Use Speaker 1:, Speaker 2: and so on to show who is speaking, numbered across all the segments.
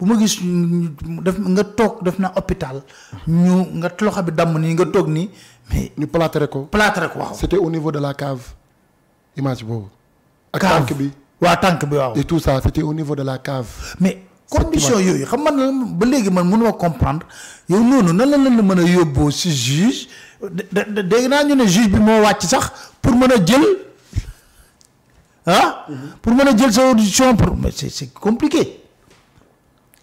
Speaker 1: bu ma gis def nga toog def na hôpital ñu nga loxo bi damm nii nga toog nii mais. ñu plâtré ko plâtré ko waaw. c'était au niveau de la cave image boobu. ak tank bi waaw tank bi waaw. et tout ça c'était au niveau de la cave. mais condition yooyu xam man ba léegi man mënuma comprendre yow noonu nan la lan la mën a yóbboo si juge de dégg naa ñu ne juge bi moo wàcc sax pour mën a jël. ah. Mhm. pour mën a jël sa audition pour mais c'est c'est compliqué.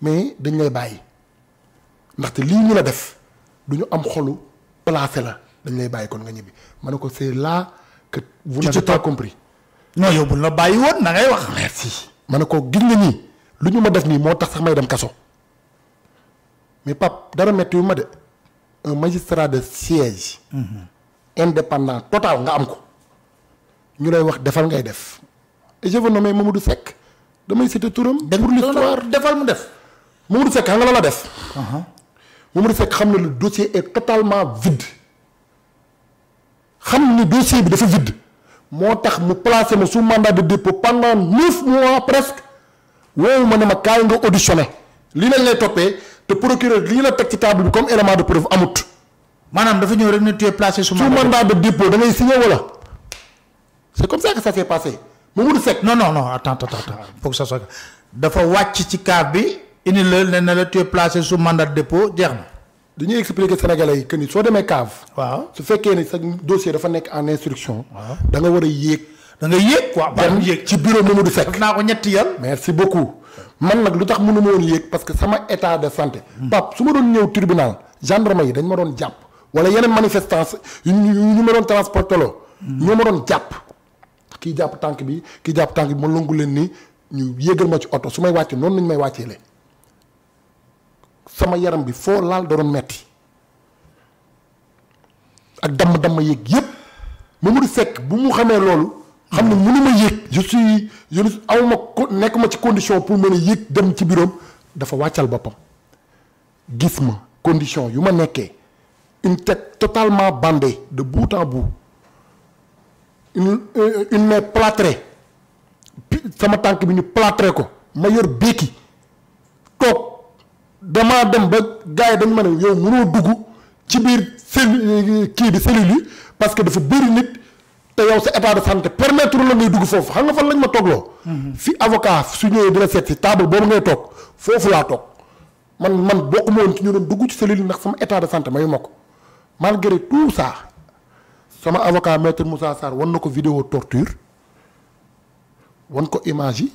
Speaker 1: mais dañ lay bàyyi ndaxte lii ñu la def du ñu am xolu placé la dañ lay bàyyi kon nga ñibbi ma ne ko c'est là que vous n'avez pas compris non la bàyyi woon na ngay wax merci ma ne ko gis nga nii lu ñu ma def nii moo tax sax may dem kaso mais pap dara metti yu ma de un magistrat de siège mhm. indépendant total nga am ko ñu lay wax defal ngay def et je ma nommer Mamadou Seck damay cité turam pour l'histoire defal mu def Mamadou Seck quest nga la la def. Mamadou Seck xam que uh-huh. le dossier est totalement vide que le dossier bi dafa vide moo tax mu placé ma sous mandat de dépôt pendant 9 mois presque woowu ma ne ma kaay nga auditionné lii lañ lay toppee te procureur lii la teg ci table bi comme élément de preuve amut. maanaam dafa ñëw rek ne tu es placé sous mandat de dépôt da ngay signé wala c'est comme ça que ça s'est passé Mamadou Seck. non non non attends attends attends faut que ça soit dafa wàcc ci cas bi indi le ne na la tu es placé sous mandat de dépôt jeex na. expliquer Sénégalais que ni so démé cave waaw su féké ne sa dossier dafa nek en instruction. da nga wara a da nga yéeg quoi ba yéeg ci bureau Mamadou Seck. def naa ko ñetti yoon. merci beaucoup man nak lutax mënu ma woon yéeg parce que sama état de santé. Hmm. pap suma doon ñew tribunal gendarme yi dañ ma doon japp wala yeneen manifestants ñu ma doon transporté loo. Hmm. ñoo ma doon japp ki japp tank bi ki japp tank bi ma longu len ni ñu yéegal ma ci auto sumay may wàccee noonu may waccé lee sama yaram bi foo laal da doon metti ak damm-damm yéeg yépp Mamadou Seck bu mu xamee loolu xam ne ma yéeg je suis je ne awma ma ci condition pour mën a yéeg dem ci biroom dafa wàccal boppam gis ma condition yu ma nekkee une tête totalement bandée de bout temps bout une euh, une main sama tànk bi ñu plâtré ko ma yor béeki damaa dem ba gars yi dañ ma ne yow mënoo dugg ci biir cellule kii di cellule yi parce que dafa bëri nit te yow sa état de santé permettre la ngay dugg foofu xam nga fan lañ ma toogloo. Mhm. fi avocat su ñëwee di la seet si ngay toog foofu laa toog man man bokkuma woon ci ñu doon dugg ci cellule yi ndax sama état de santé mayu ma ko malgré tout ça sama avocat maître Moussa Sarr wan na ko vidéo torture wan ko image yi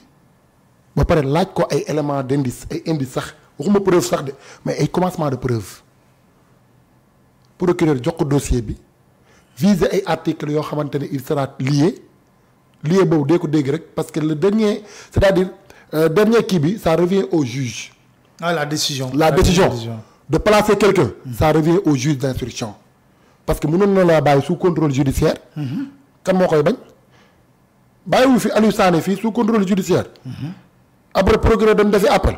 Speaker 1: ba pare laaj ko ay éléments d'indice ay indice sax. preuve prouver mais ay commencement de preuve procureur a le dossier bi viser ay articles il sera lié lié parce que le dernier c'est-à-dire le euh, dernier qui ça revient au juge. ah la décision la, décision. de placer quelqu'un hmm. ça revient au juge d'instruction parce que nous sommes là sous contrôle judiciaire. comme moo koy bañ fi Aliou Sané sous contrôle judiciaire. Hmm. après le procureur de fait appel.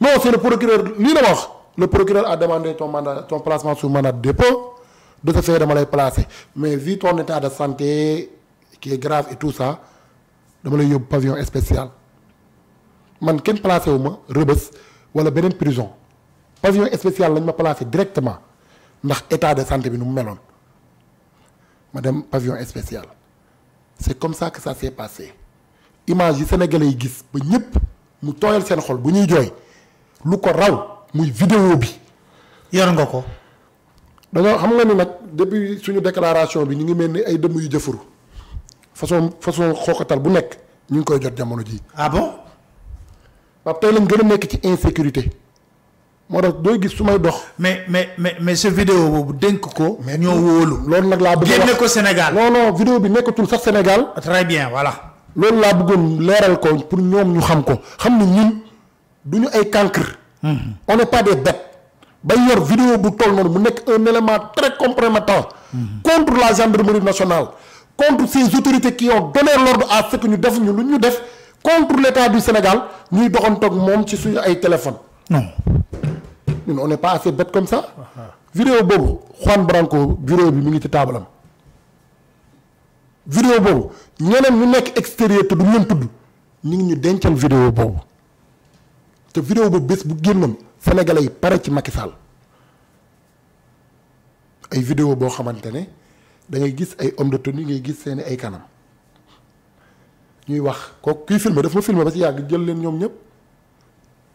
Speaker 1: Non, c'est le procureur. Lui, le procureur a demandé ton, mandat, ton placement sous mandat de dépôt, de te faire de me placer. Mais vu ton état de santé qui est grave et tout ça, je vais un pavillon spécial. Je suis placé au moins, rebus, ou à une prison. Le Pavillon spécial, je m'a placé directement dans l'état de santé de mélon. Madame, Madame, pavillon spécial. C'est comme ça que ça s'est passé. Image, les Sénégalais, ils disent, ils sont tous les Sénégalais, ils sont luko raw muy vidéo bi yor nga ko. dañoo xam nga ni nak depuis suñu déclaration bi ñi ngi melni ay dëmm yu jëfur façon façon xookatal bu nek ñi ngi koy jot jamono ji ah bon. ba tay lañ gëna nek ci insécurité moo tax dooy gis sumay dox. mais mais mais mais ce vidéo boobu denk ko. mais ñoo wolu lool nak la bëgg a ko Sénégal. non non vidéo bi nekkatul sax Sénégal. très bien voilà. lool la bëggoon léral ko pour ñom ñu xam ko xam ni ñun du ñu ay on n'est pas des bêtes. ba yor vidéo bu toll noonu un élément très compromettant. contre la gendarmerie nationale. contre ces autorités qui ont donné l'ordre à ce que nous def ñu lu contre l'état du Sénégal nous devons moom ci suñu ay téléphone non on n'est pas assez bêtes comme ça. vidéo boobu Juan Branco vidéo bi mu ngi ci am vidéo boobu ñeneen ñu nekk extérieur te du ñu tudd ñu vidéo boobu. te vidéo boobu bés bu génnoon sénégalais yi pare ci Macky Sall ay vidéo boo xamante ne dangay gis ay homme de tenue ngay gis seeni ay kanam ñuy wax kooku kuy filmer daf ma filmer ba ci yàgg jël leen ñoom ñëpp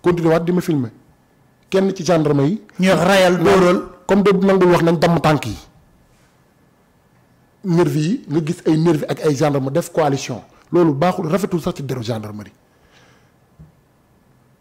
Speaker 1: continuer waat di ma filmer kenn ci gendarme yi. ñuy rayal dóoral comme de nangul wax nañ damm tànk yi. nervi yi nga gis ay nervi ak ay gendarme def coalition loolu baaxul rafetul sax ci deru gendarmerie.